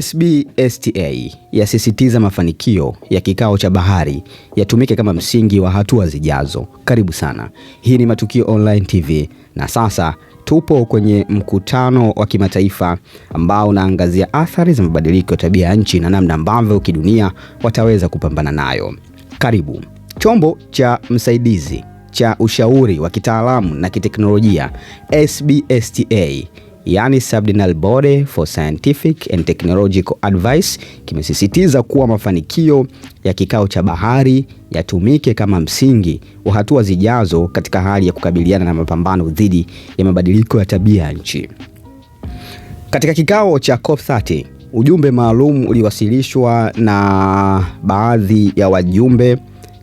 SBSTA yasisitiza mafanikio ya kikao cha bahari yatumike kama msingi wa hatua zijazo. Karibu sana. Hii ni Matukio Online TV na sasa tupo kwenye mkutano wa kimataifa ambao unaangazia athari za mabadiliko ya tabia ya nchi na namna ambavyo kidunia wataweza kupambana nayo. Karibu. Chombo cha msaidizi cha ushauri wa kitaalamu na kiteknolojia SBSTA yani Subdinal Body for Scientific and Technological Advice kimesisitiza kuwa mafanikio ya kikao cha bahari yatumike kama msingi wa hatua zijazo katika hali ya kukabiliana na mapambano dhidi ya mabadiliko ya tabia ya nchi. Katika kikao cha COP30, ujumbe maalum uliwasilishwa na baadhi ya wajumbe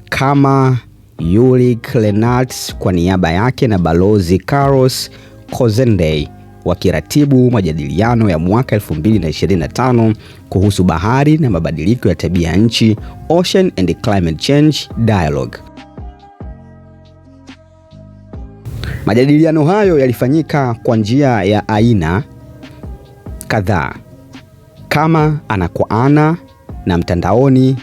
kama Yuri Klenats kwa niaba yake na Balozi Carlos Kozendei wakiratibu majadiliano ya mwaka 2025 kuhusu bahari na mabadiliko ya tabia ya nchi, Ocean and Climate Change Dialogue. Majadiliano hayo yalifanyika kwa njia ya aina kadhaa kama ana kwa ana na mtandaoni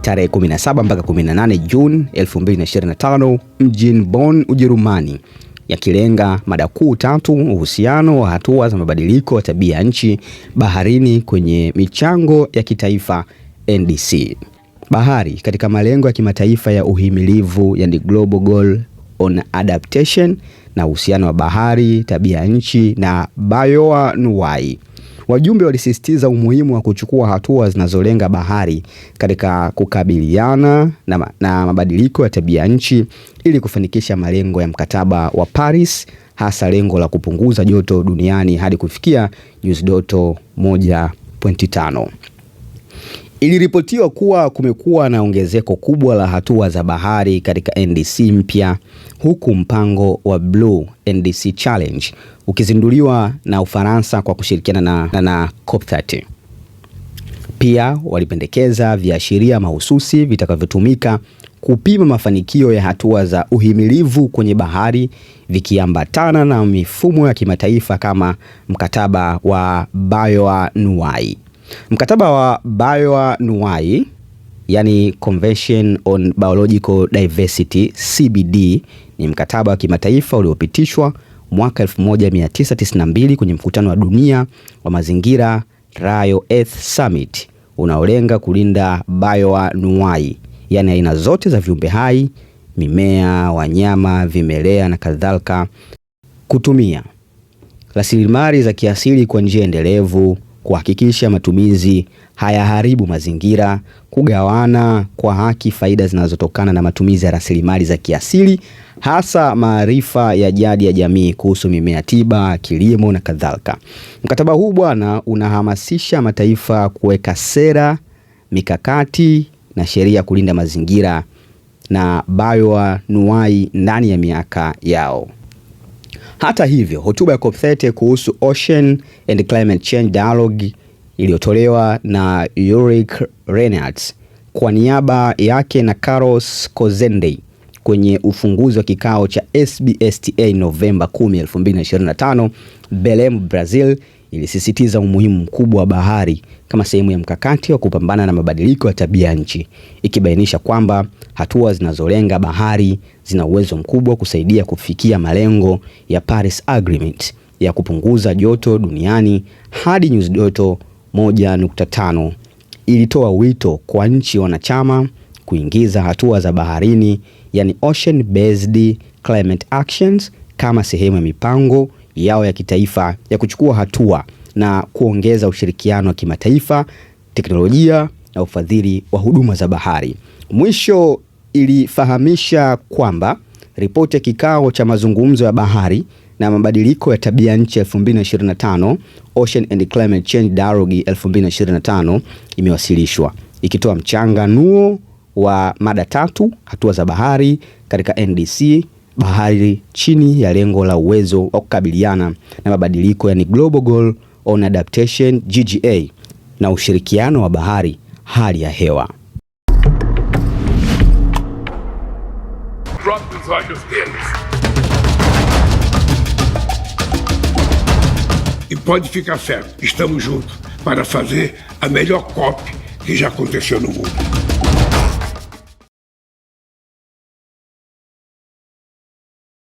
tarehe 17 mpaka 18 Juni 2025 mjini Bonn, Ujerumani yakilenga mada kuu tatu: uhusiano wa hatua za mabadiliko ya tabia ya nchi baharini kwenye michango ya kitaifa NDC, bahari katika malengo ya kimataifa ya uhimilivu, yani Global Goal on Adaptation, na uhusiano wa bahari, tabia ya nchi na bioanuwai. Wajumbe walisisitiza umuhimu wa kuchukua hatua zinazolenga bahari katika kukabiliana na, na mabadiliko ya tabia nchi ili kufanikisha malengo ya mkataba wa Paris, hasa lengo la kupunguza joto duniani hadi kufikia nyuzi joto 1.5. Iliripotiwa kuwa kumekuwa na ongezeko kubwa la hatua za bahari katika NDC mpya huku mpango wa Blue NDC Challenge ukizinduliwa na Ufaransa kwa kushirikiana na, na, na COP30. Pia walipendekeza viashiria mahususi vitakavyotumika kupima mafanikio ya hatua za uhimilivu kwenye bahari vikiambatana na mifumo ya kimataifa kama mkataba wa Bioanuai. Mkataba wa Bioanuai yani Convention on Biological Diversity CBD ni mkataba wa kimataifa uliopitishwa mwaka 1992 kwenye mkutano wa dunia wa mazingira Rio Earth Summit unaolenga kulinda bioanuai yani aina zote za viumbe hai, mimea, wanyama, vimelea na kadhalika, kutumia rasilimali za kiasili kwa njia endelevu kuhakikisha matumizi hayaharibu mazingira, kugawana kwa haki faida zinazotokana na matumizi ya rasilimali za kiasili, hasa maarifa ya jadi ya jamii kuhusu mimea tiba, kilimo na kadhalika. Mkataba huu bwana, unahamasisha mataifa kuweka sera, mikakati na sheria kulinda mazingira na bayoanuai ndani ya miaka yao. Hata hivyo, hotuba ya COP30 kuhusu Ocean and Climate Change Dialogue iliyotolewa na Ulrike Reinhardt kwa niaba yake na Carlos Cozendey kwenye ufunguzi wa kikao cha SBSTA Novemba 10, 2025 Belém, Brazil ilisisitiza umuhimu mkubwa wa bahari kama sehemu ya mkakati wa kupambana na mabadiliko ya tabia nchi, ikibainisha kwamba hatua zinazolenga bahari zina uwezo mkubwa kusaidia kufikia malengo ya Paris Agreement ya kupunguza joto duniani hadi nyuzi joto 1.5. Ilitoa wito kwa nchi wanachama kuingiza hatua za baharini, yani ocean based climate actions kama sehemu ya mipango yao ya kitaifa ya kuchukua hatua na kuongeza ushirikiano wa kimataifa, teknolojia na ufadhili wa huduma za bahari. Mwisho ilifahamisha kwamba ripoti ya kikao cha mazungumzo ya bahari na mabadiliko ya tabia nchi 2025 Ocean and Climate Change Dialogue 2025 imewasilishwa ikitoa mchanganuo wa mada tatu: hatua za bahari katika NDC bahari chini ya lengo la uwezo wa kukabiliana na mabadiliko yani Global Goal on Adaptation GGA na ushirikiano wa bahari hali ya hewa. E pode ficar certo, estamos juntos para fazer a melhor COP que já aconteceu no mundo.